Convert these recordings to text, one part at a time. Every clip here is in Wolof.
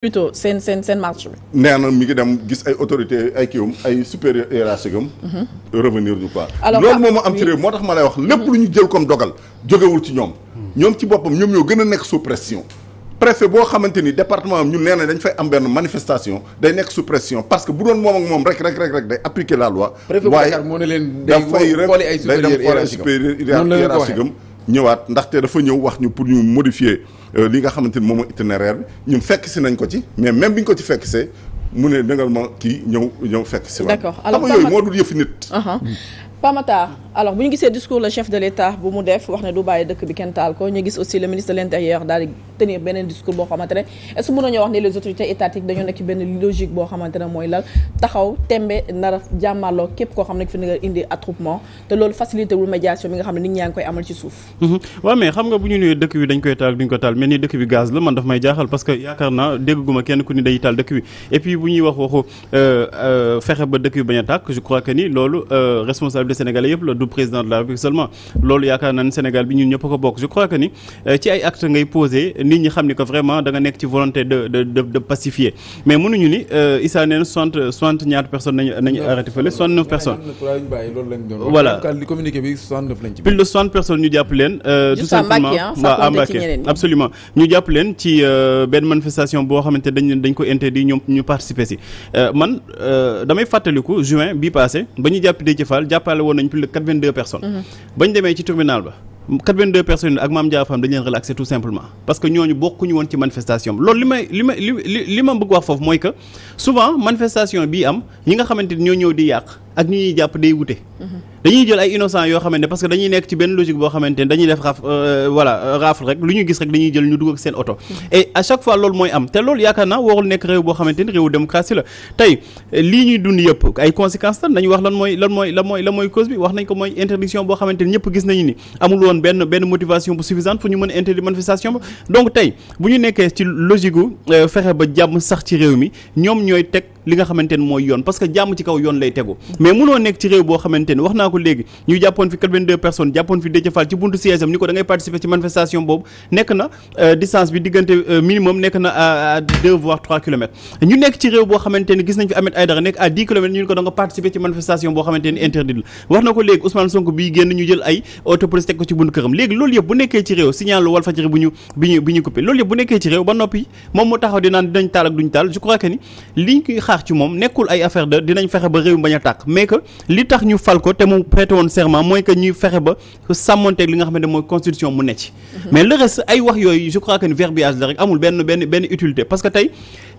plutôt seen seen seen marche bi. nee na mi gis ay autorité ay kiiwam um, ay supérieur um, mhm. loolu moom am ci réew moo tax ma lay wax lépp mhm. lu ñu jël comme dogal jógewul ci ñoom. ñoom ci boppam ñoom ñoo gën a nekk sous pression. préfet boo xamante ni département am ñun nee dañ fay am benn manifestation day nekk sous pression parce que bu doon moom moom rek rek day appliquer la loi. préfet bu Dakar moo dafay dem xooli ay supérieur hiérarchique am ñëwaat ndaxte dafa ñëw wax ñu pour ñu modifier euh, li nga xamante ni moom mooy itinéraire bi ñun fekk si nañ ko ci mais même bi ñu ko ci fekk see mu ne dangal ma kii ñëw ñëw fekk si. d'accord alors xam nga yooyu moo dul yëfi nit. Uh-huh. Hmm. Pamata alors bu ñu gisee discours le chef de l'État bu mu def wax ne du bàyyi dëkk bi kenn taal ko ñu gis aussi le ministre de l'intérieur daal di tenir beneen discours boo xamante ne mooy lal taxaw tembe nar jàmmaloo képp koo xam ne nga indi attroupement te loolu facilité wul médiation bi nga xam ne nit ñaa ngi koy amal ci suuf. Mhm. waaw mais xam nga bu ñu nee dëkk bi dañ koy taal duñ ko taal mais ni dëkk bi gaz la man daf may jaaxal parce que de sénégalais yëpp la du président de la République seulement loolu yaakaar naa ne Sénégal bi ñun ñëpp ko bokk je crois que ni euh, ci ay actes ngay posé nit ñi xam ni que vraiment da nga nekk ci volonté de de pacifier mais mënuñu ni euh, Issa nee personnes nañu nañu de personnes ñu jàpp leen. Euh, tout simplement waaw à Mbacké absolument ñu jàpp leen ci benn manifestation boo xamante dañ dañ ko interdit ñoom ñu participer si man damay fàttaliku juin bi passé ba ñu jàpp Déthié Fall signalé woon nañ plus de 82 personnes. Mhm. bañ demee ci tribunal ba. 82 personnes ak li may li may li li ma bëgg wax foofu mooy que souvent manifestation bii am ñi nga xamante ni ñoo ñëw di yàq. ak ñu ñuy jàpp day wute. dañuy jël ay innocent yoo xamante ne parce que dañuy nekk ci benn logique boo xamante ne dañuy def raf euh, voilà euh, rafle rek lu ñu gis rek dañuy jël ñu dugg ak seen oto. et à chaque fois loolu mooy am te loolu yaakaar naa warul nekk réew boo xamante ni réewu la tey euh, lii ñuy dund yëpp ay conséquences la nañu wax lan mooy lan mooy lan mooy lan mooy cause bi wax nañ ko mooy interdiction boo xamante ni ñëpp gis nañu ni amul woon benn benn motivation bu suffisante pour ñu mën a interdire manifestation ba donc tey bu ñu nekkee ci logique gu fexe ba jàmm sax ci réew mi ñoom ñooy teg. li nga xamante ne mooy yoon parce que jàmm ci kaw yoon lay tegu mais mënoo nekk ci réew boo xamante ne wax naa ko léegi ñu jàppoon fi 82 personnes jàppoon fi Déthié ci buntu siège ni ko da participer ci manifestation boobu nekk na euh, distance bi diggante euh, minimum nekk na euh, à 2 voire 3 kilomètres ñu nekk ci réew boo xamante gis nañ fi Ahmed Aïdara nekk à 10 kilomètres ñu ko da participer ci manifestation boo xamante ne xaar ci moom nekkul ay affaire de dinañ fexe ba réew mi bañ a tàkk mais que li tax ñu fal ko te mu prêté serment mooy que fexe ba sàmmonteeg li nga xamante ne mooy constitution mu necc mhm. mais le ay wax yooyu je crois que verbiage rek amul benn benn benn utilité parce que tey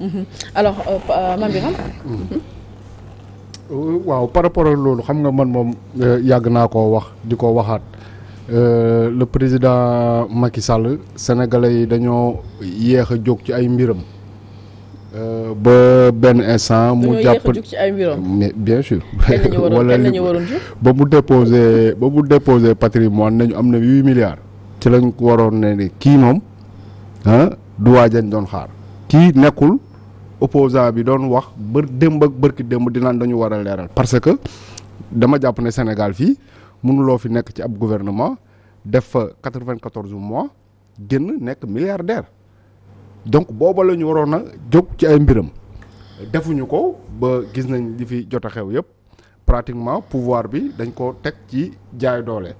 immeuble. alors euh, euh, Mame euh, waaw par rapport ak loolu xam nga man moom yàgg naa koo wax di ko waxaat le président Macky Sall sénégalais yi dañoo yéex a jóg ci ay mbiram. ba benn instant. mu jàpp mais bien sûr. wala li ba mu déposé ba mu déposé patrimoine nañu am na huit milliards. ci lañ ko waroon ne ni kii moom ah du waajañ doon xaar. kii nekkul opposant bi doon wax bër démb ak bërki démb dinaan dañu war a leeral parce que dama jàpp ne Sénégal fii mënuloo fi nekk ci ab gouvernement def fa quatre-vingt-quatorze mois génn nekk milliardaire donc booba la ñu waroon a jóg ci ay mbiram defuñu ko ba gis nañ li fi jot a xew yëpp pratiquement pouvoir bi dañ ko teg ci jaay doole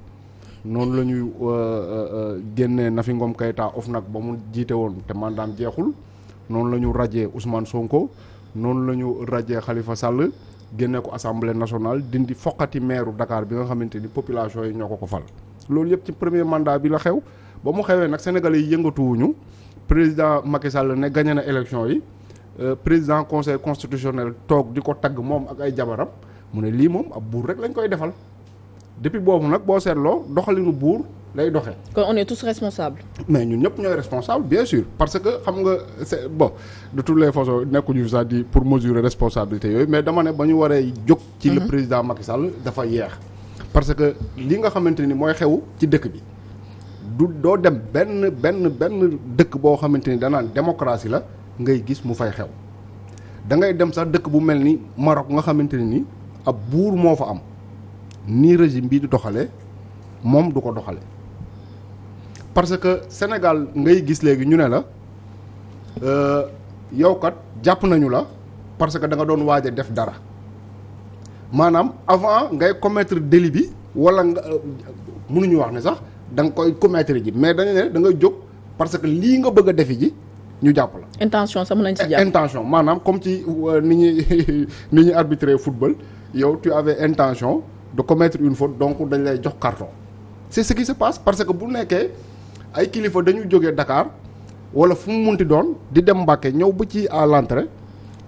noonu la ñuy euh, euh, euh, génnee Nafi Ngom Keïta nag ba mu jiite woon te mandaam jeexul noonu la ñu rajee Ousmane Sonko noonu la ñu rajee xalifa Sall génne ko assemblée nationale dindi foqati maire dakaar bi nga xamante ni population yi ñoo ko ko fal. loolu yëpp ci premier mandat bi la xew ba mu xewee nag sénégalais yi yëngatuwuñu président Macky Sall ne gagné na élection yi euh, président conseil constitutionnel toog di ko tagg moom ak ay jabaram mu ne lii moom ab buur rek lañ koy defal depuis boobu nag boo seetloo doxalinu buur. day doxee. kon on est tous mais ñun ñëpp ñooy responsable bien sûr parce que xam nga c'est bon de toutes les façons nekkuñu sax di pour mesurer responsabilité yooyu mais dama ne ba ñu waree jóg. ci le mhm. président Macky Sall dafa yeex. parce que li nga xamante ni mooy xew ci dëkk bi du doo dem benn benn benn dëkk boo xamante ni danaan démocratie la ngay gis mu fay xew da ngay dem sax dëkk bu mel ni Maroc nga xamante ne ni ab buur moo fa am. ni régime bii di doxalee moom du ko doxalee parce que Sénégal ngay gis léegi ñu ne la euh, yow kat jàpp nañu la parce que da nga doon waaj a def dara maanaam avant ngay commettre délit bi wala nga euh, mënuñu wax ne sax da nga koy commettre ji mais dañu ne da ngay jóg parce que lii nga bëgg a defi ji ñu jàpp la. intention sax mën nañ ci jàpp intention maanaam comme ci euh, ni ñuy ni ñuy arbitrer football yow tu avais intention de commettre une faute donc dañ lay jox carton. c'est ce qui se passe parce que bu nekkee. ay kilifa dañu jóge Dakar wala fu mu munti doon di dem Mbàkke ñëw ba ci à l'entrée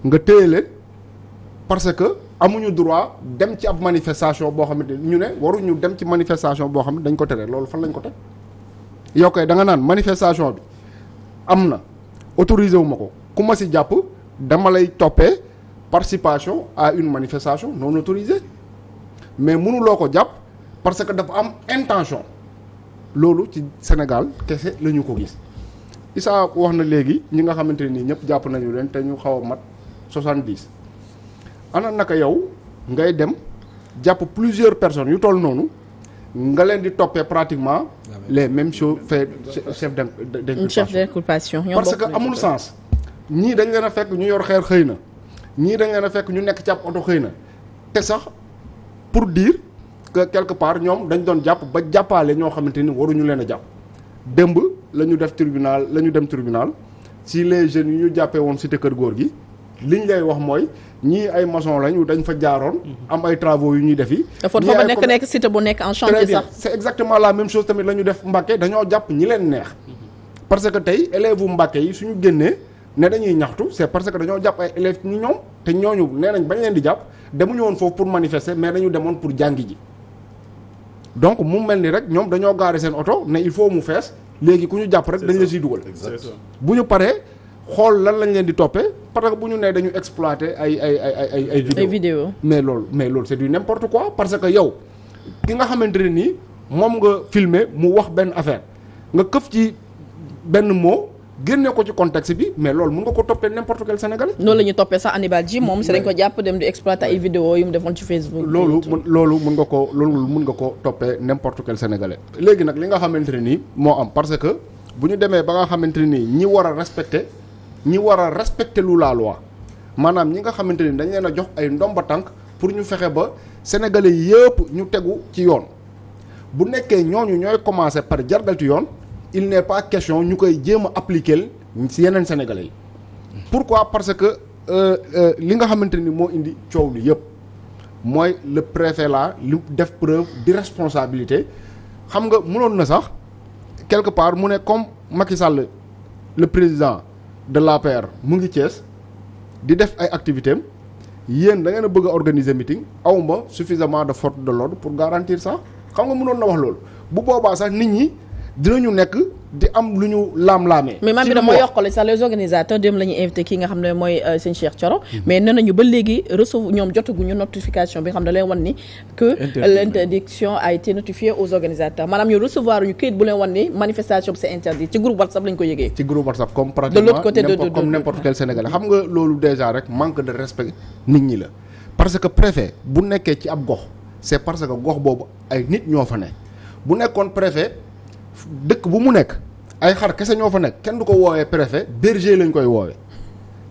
nga téye leen parce que amuñu droit dem ci ab manifestation boo xamante ñu ne waruñu dem ci manifestation boo xam ne dañ ko tere loolu fan lañ ko teg yow kay da nga naan manifestation bi am na autorisé wu ma ko ku ma si jàpp dama lay toppee participation à une manifestation noonu autorisée mais mënuloo ko jàpp parce que dafa am intention loolu ci Sénégal kese lañu ko gis Issa wax na léegi ñi nga xamante nii ñëpp jàpp nañu leen te ñu xaw a mat soixante-dix ana naka yow ngay dem jàpp plusieurs personnes yu toll noonu nga leen di toppee pratiquement les mêmes choses fait chef d'inculpation parce que amul sens ñii dañ leen a fekk ñu yor xeer xëy na ñii dañ leen a fekk ñu nekk ci ab oto xëy na te sax pour dire que quelque part ñoom dañ doon jàpp ba jàppaale ñoo xamante ni waruñu leen a jàpp démb la ñu def tribunal la ñu dem tribunal si les jeunes yi ñu jàppee woon cité kër góor gi liñ lay wax mooy ñii ay maçon lañu dañ fa jaaroon. Mhm. am ay travaux yu ñuy def yi. foofu fa nekk nekk cité bu nekk en chantier sax. c'est exactement la même chose tamit la ñu def Mbàkke dañoo jàpp ñi leen neex. Mhm. parce que tey élèves yu Mbàkke yi suñu génnee ne dañuy ñaxtu c'est parce que dañoo jàpp ay élèves te ñooñu nee nañ bañ leen di jàpp demuñu woon foofu pour manifester mais dañu demoon pour jàngi ji. donc mu mel ni rek ñoom dañoo gaare seen oto ne il faut mu fees léegi ku ñu jàpp rek dañu la siy dugal bu ñu paree xool lan lañ leen di toppee parce que bu ñu nee dañu exploité ay ay ay ay ay mais loolu mais loolu c'est du n'importe quoi parce que yow ki nga xamante ne nii moom nga filmer mu wax benn affaire nga këf ci benn mot génne ko ci contexte bi mais loolu mun nga ko toppee n'importe quel sénégalais. loolu la ñuy toppee sax Hannibal Djim moom si dañ ko jàpp dem di exploiter ay vidéo yu mu defoon ci Facebook. loolu mun loolu nga ko loolu mun nga ko toppee n'importe quel sénégalais. léegi nag li nga xamante ne nii moo am parce que bu ñu demee ba nga xamante ne nii ñi war a respecter ñi war a respecter lu la loi maanaam ñi nga xamante ni dañ leen a jox ay ndomba tànk pour ñu fexe ba sénégalais yëpp ñu tegu ci yoon bu nekkee ñooñu ñooy commencer par jargal ci yoon. il n'est pas question ñu koy jéem a appliquer si yeneen sénégalais pour pourquoi parce que euh, euh, li nga xamante ni moo indi coow li yëpp mooy le préfet là li def preuve d'irresponsabilité xam nga mënoon na sax quelque part mu ne comme Macky le président de la l'APR mu ngi Thiès di def ay activités am yéen da ngeen bëgg a organiser meeting awma suffisamment de force de l'ordre pour garantir ça xam nga mënoon na wax loolu bu boobaa sax nit ñi. dinañu nekk di am lu ñu laam-laamee. mais man bi dama yokkale sax les organisateurs dem la ñuy invité kii nga xam ne mooy euh, sëñ Cheikh Thioro. Mm-hmm. mais nee nañu ba léegi recevoir ñoom jotaguñu notification bi nga xam ne da leen wan ni. que euh, l'interdiction a été notifiée aux organisateurs maanaam ñu recevoir ñu këyit bu leen wan ni manifestation bi c'est interdit ci groupe WhatsApp lañ ko yëgee. ci groupe WhatsApp comme nga loolu déjà rek manque de respect ñi la parce que préfet bu nekkee ci ab gox c'est parce que gox boobu ay nit ñoo fa ne bu nekkoon dëkk bu mu nekk ay xar kese ñoo fa nekk kenn du ko woowee préfet berger lañu koy woowee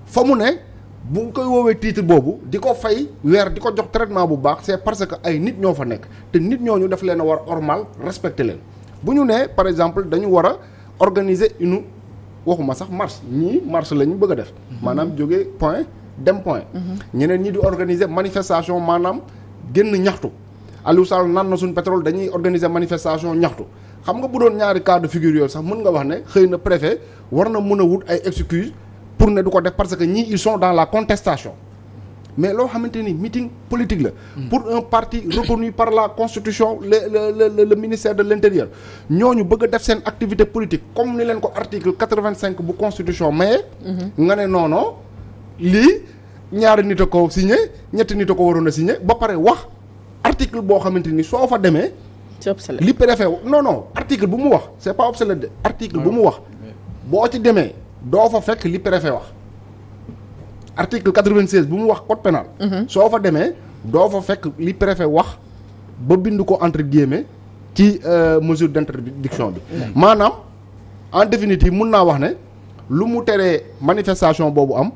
fa mu ne bu koy woowee titre boobu di ko fay weer di ko jox traitement bu baax c'est parce que ay nit ñoo fa nekk te nit ñoo ñu daf leen a war normal respecter leen bu ñu nee par exemple dañu war a organiser une waxuma sax marche ñii marche la ñu bëgg a def. Mhm. maanaam jóge point dem point. Mhm. ñeneen ñi di organiser manifestation maanaam génn ñaxtu. Aliou Sall naan na suñ pétrole dañuy organiser manifestation ñaxtu xam nga bu doon ñaari cas de figure sax mën nga wax ne xëy na préfet war na mën a wut ay excuse pour ne du ko def parce que ñii ils sont dans la contestation mais loo xamante ni meeting politique la. pour un parti reconnu par la constitution le le le ministère de l' ñoo ñu bëgg a def seen activité politique comme ni leen ko article quatre vingt cinq bu constitution maye. Mhm. nga ne noono non lii ñaari ko signé ñetti nit ko waroon a signé ba pare wax. article boo xamante ni soo fa demee. li préfet non non article bu mu wax c'est pas obsolète de article bu mu wax boo ci demee doo fa fekk li préfet wax article 96 bu mu wax code pénal mhm. soo fa demee doo fa fekk li préfet wax ba bind ko entre guillemets ci euh, mesure d'interdiction bi mhm. maanaam en définitive mun naa wax ne lu mu teree manifestation boobu am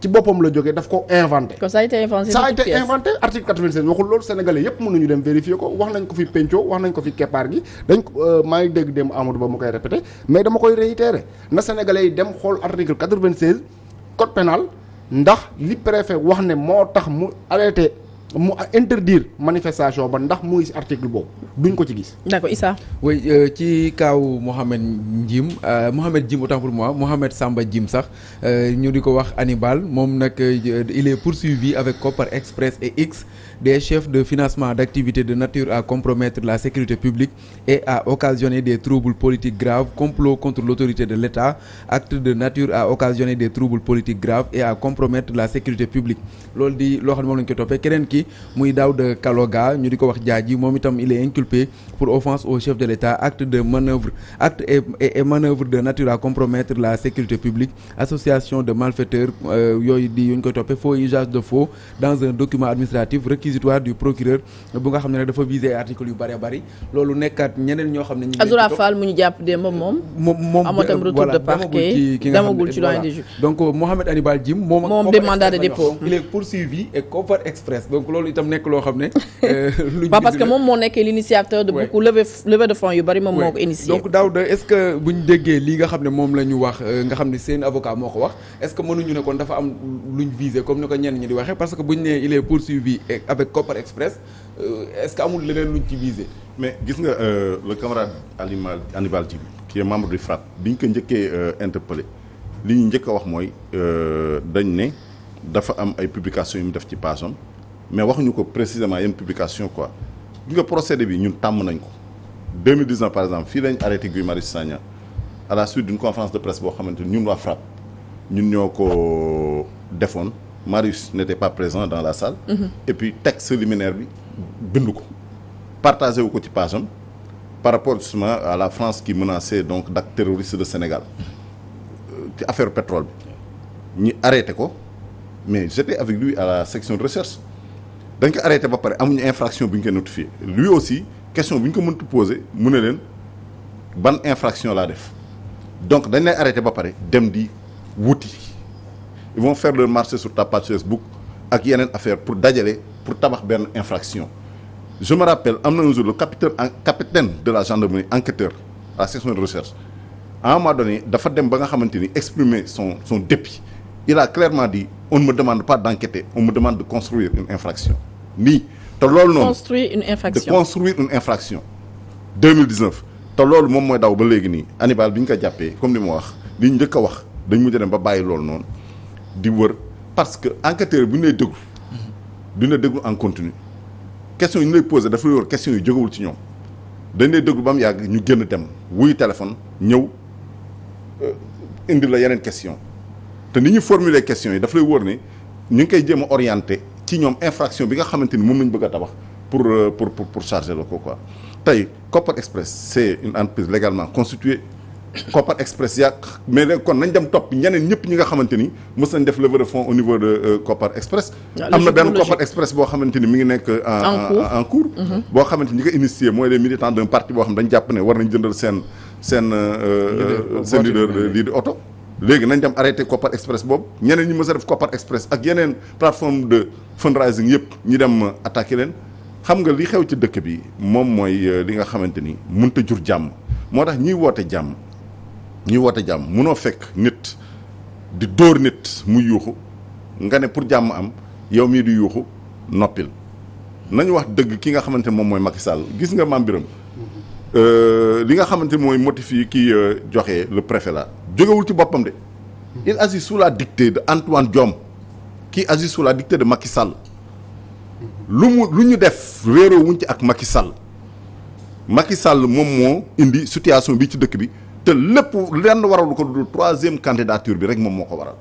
ci boppam la jóge daf ko inventé. kon ça a été inventé ça a été inventé article 96 waxul loolu sénégalais yëpp mën dem vérifier ko wax nañ ko fi penco wax nañ ko fi keppaar gi dañ ko euh, maa ngi dégg dem Amadou Ba mu koy répété mais dama koy réitéré na sénégalais yi dem xool article 96 code pénal ndax li préfet wax ne moo tax mu arrêté. mu interdire manifestation ba ndax muy article boobu du duñ ko ci gis. d'accord Issa. oui euh, ci kaaw Mohamed Njim euh, Mohamed Jim autant pour moi Mohamed Samba Jim sax euh, ñu di ko wax Hannibal moom nag il est poursuivi avec Copper Express et X. des chefs de financement d'activités de nature à compromettre la sécurité publique et à occasionner des troubles politiques graves, complot contre l'autorité de l'État, acte de nature à occasionner des troubles politiques graves et à compromettre la sécurité publique loolu di loo xam ne moom lañ ko toppee keneen ki muy Daouda Kaloga ñu di ko wax jaaji moom itam il est inculpé pour offense au chef de l'État acte de manœuvre acte et, et, manœuvre de nature la sécurité publique association de malfaiteurs euh, yooyu di yuñ ko toppee faux usage de faux dans un réquisitoire donc euh, Mohamed Hannibal Djim. moom moom de mandat de dépôt. il est poursuivi et coffre express donc loolu itam nekk loo xam ne. Euh, luñ parce que moom yu bëri moom moo ko initié. donc Daouda est que buñ déggee li nga xam ne moom la wax euh, nga xam ne seen avocat moo ko wax est que mënuñu ne kon dafa am luñ viser comme ni ko ñenn ñi di waxee parce que buñ nee il est poursuivi et avec Copper Express euh, est-ce que amul leneen luñ ci visé. mais gis nga euh, le camarade Hannibal Hannibal Djim qui est membre du FRAPP bi ñu ko njëkkee euh, interpellé li ñu njëkk a wax mooy dañ ne dafa am ay publications yu mu def ci paasam mais waxuñu ko précisément yenn publication quoi gis nga procédé bi ñun tàmm nañ ko 2019 par exemple fii lañ arrêté Guy Marius Sagna à la suite d'une conférence de presse boo xamante ñun waa FRAPP ñun ñoo ko defoon Marius n'était pas présent dans la salle. Mm -hmm. et puis texte liminaire bi bind ko partagé wu ko ci page par rapport justement à la France qui menaçait donc d'actes terroristes de Sénégal euh, ci euh, affaire pétrole bi ñi arrêté ko mais j'étais avec lui à la section de recherche dañ ko arrêté ba pare amuñu infraction bi ñu ko notifié lui aussi question bi ñu ko mëntu posé mu ne leen ban infraction laa def donc dañ lay arrêté ba pare dem di wuti ils vont faire leur marché sur ta page affaire pour dajale pour tabax benn infraction je me am na un jour le capitaine capitaine de la gendarmerie enquêteur à la section de recherche à un moment donné dafa dem ba nga xamante ni exprimer son son dépit il a clairement di on ne me demande pas d'enquêter on me demande de construire une infraction nii te loolu noonu construire une infraction de construire une infraction 2019 te loolu moom mooy daw ba léegi nii Hannibal bi ñu ko jàppee comme li ma wax li ñu njëkk a wax dañ mujj ba bàyyi loolu noonu di wër parce que enquêteur bu ñu lay déglu mhm. du la déglu en continu question yi ñu lay posé dafa yor question yu jógewul ci ñoom dañ lay déglu ba mu yàgg ñu génn dem wuyu téléphone ñëw euh, indi la yeneen question te ni ñu formuler question yi dafa lay wóor ni ñu ngi koy jéem a orienté ci ñoom infraction bi nga xamante ni moom lañ bëgg a tabax pour euh, pour pour, pour charger la ko quoi tey Copper Express c'est une entreprise légalement constituée Kopar Express yaa mais léegi kon nañ dem topp ñeneen ñëpp ñi nga xamante ni mës nañ def levée de fonds au niveau de euh, Kopar Express. Ah, am na benn Kopar Express boo xamante ni mi ngi nekk. Euh, en en cours mhm. boo xamante ni ñi ko mooy les militants d'un parti boo xam dañ jàpp ne war nañ jëndal seen seen. Euh, seen leader lii di oto. léegi nañ dem arrêté Kopar Express boobu ñeneen ñi mës a def Kopar Express ak yeneen plateforme de fundraising yëpp ñi dem attaqué leen xam nga li xew ci dëkk bi moom mooy li nga xamante ni mënut a jur jàmm moo tax ñiy woote jàmm. ñuy woote jàmm munoo fekk nit di dóor nit mu yuuxu nga ne pour jàmm am yow mii di yuuxu noppil nañu wax dëgg ki nga xamante moom mooy Macky Sall gis nga maam Biram euh, li nga xamante mooy motif yi kii euh, joxe lu préfet la ci boppam de il agit sous la dictée de Antoine Diome qui agit sous la dictée de Macky Sall lu mu lu ñu def réeroo wuñ ci ak Macky Sall Macky moom moo indi situation bi ci dëkk bi te lépp lenn waralu ko du troisième candidature bi rek moom moo ko waral.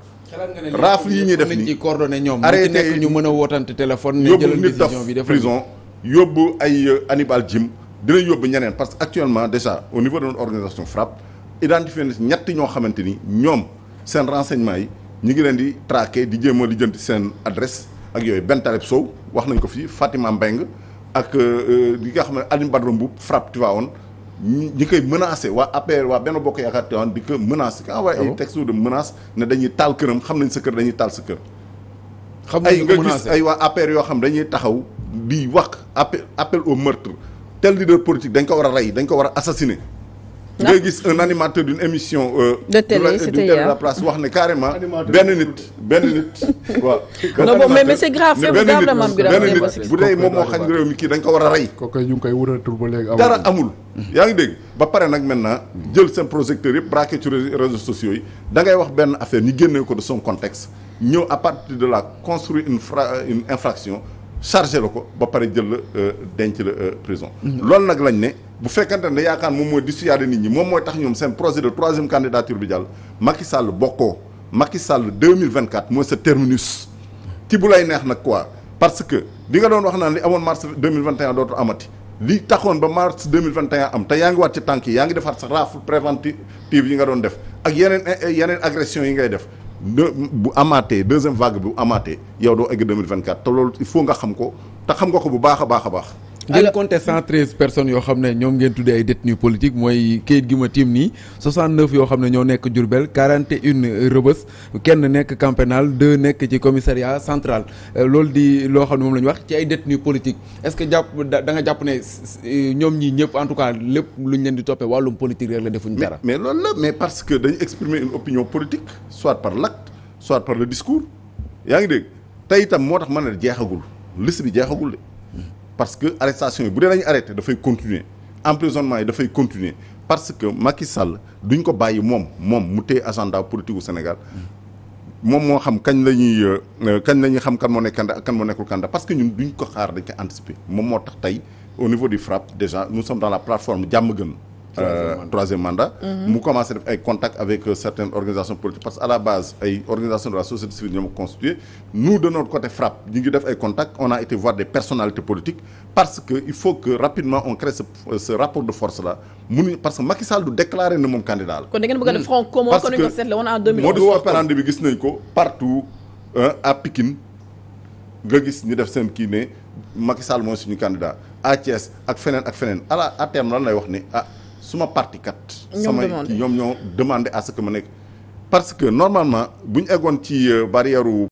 raafle yi ñuy def nii ci coordonné ñoom. arrêté ñu mën a wootante ni ne jëlal décision bi def prison yóbbu ay euh, Hannibal Djim dina yóbbu ñeneen parce que actuellement déjà au niveau de notre organisation FRAPP identifié na ñett ñoo xamante ni ñoom seen renseignement yi ñu ngi leen di traqué di jéem a di jënti seen adresse ak yooyu benn Taleb Sow wax nañ ko fi Fatima Mbeng ak li euh, euh, nga xam ne Aline Badro Mboup FRAPP ñi ñi koy menacé waa APR waa benn bokk yaakaar Tivaouane di ko menacé ka envoyé ay texte de menace ne dañuy taal këram xam nañ sa kër dañuy taal sa kër ay nga gis ay waa APR yoo xam dañuy taxaw bi wax appel appel au meurtre tel leader politique dañ ko war a rey dañ ko war a assassiner ngay gis un animateur d'une émission. Euh, de télé c'était la place wax ne carrément. benn nit benn nit. waaw non bon mais mais c'est grave bu nit bu dee moom moo xañ réew mi kii dañ ko war a rey. kooku ñu koy wër ba léegi amul dara amul. yaa ngi dégg ba pare nag maintenant jël seen projecteur yëpp braqué ci réseaux sociaux yi dangay wax benn affaire ñu génnee ko de son contexte ñëw à de la construire une fra une infraction. chargé la ko ba pare jël la euh, denc la euh, prison. loolu nag lañ ne bu fekkante ne yaakaar moom mooy dissuader nit ñi moom mooy tax ñoom seen projet de troisième candidature bi jàll Macky Sall bokkoo Macky Sall 2024 mooy sa terminus ci bu lay neex nag quoi parce que li nga doon wax naa li amoon mars 2021 dootu amati li taxoon ba mars 2021 am te yaa ngi waat ci tànk yi yaa ngi defaat sa rafle préventive yi nga doon def ak yeneen yeneen agression yi ngay def. deux bu amaatee deuxième vague bu amaatee yow doo egg 2024 te loolu il faut nga xam ko te xam nga ko bu baax a baax a baax. ngeen compté 113 personnes yoo xam ne ñoom ngeen tuddee ay détenus politiques mooy kayit gi ma tiim nii 69 yoo xam ne ñoo nekk Diourbel 41 Rebeuss kenn nekk camp pénal 2 nekk ci commissariat central euh, loolu di loo xam ne moom la ñu wax ci ay détenus politiques est-ce que jàpp da nga jàpp ne euh, ñoom ñii ñëpp en tout cas lépp lu ñu leen di toppee wàllum politique rek la defuñu dara. mais loolu la mais parce que dañu exprimer une opinion politique soit par l'acte soit par le discours yaa ngi dégg tey itam moo tax mën a jeexagul liste bi jeexagul de. parce que arrestation yi bu dee lañu arrêté dafay continuer emprisonnement yi dafay continuer parce que Macky Sall duñ ko bàyyi moom moom mu téye agenda politique Sénégal moom moo xam kañ la ñuy euh, euh, kañ la ñuy xam kan moo nekk candidat kan moo nekkul candidat parce que ñun duñ ko xaar dañ ko anticiper moom moo tax tey au niveau du FRAPP déjà nous sommes dans la plateforme jàmm gën Euh, troisième mandat mhm. mu commencé def ay contacts avec euh, certaines organisations politiques parce que à la base ay organisations de la société civile ñoo ma constitué nous de côté FRAPP ñu ngi def ay contacts on a été voir des personnalités politiques parce que il faut que rapidement on crée ce, euh, ce rapport de force là mun parce que Macky du déclaré ne moom candidat kon da ngeen bëgg a def front commun kon ñu ko bi gis nañ ko partout à nga gis ñu def seen kii ne Macky Sall suñu candidat à ak feneen ak feneen à la à lay wax ni ah. suma parti kat. sama ñoom ñoo demandé à que ma nekk. parce que normalement bu ñu eggoon ci euh, barrière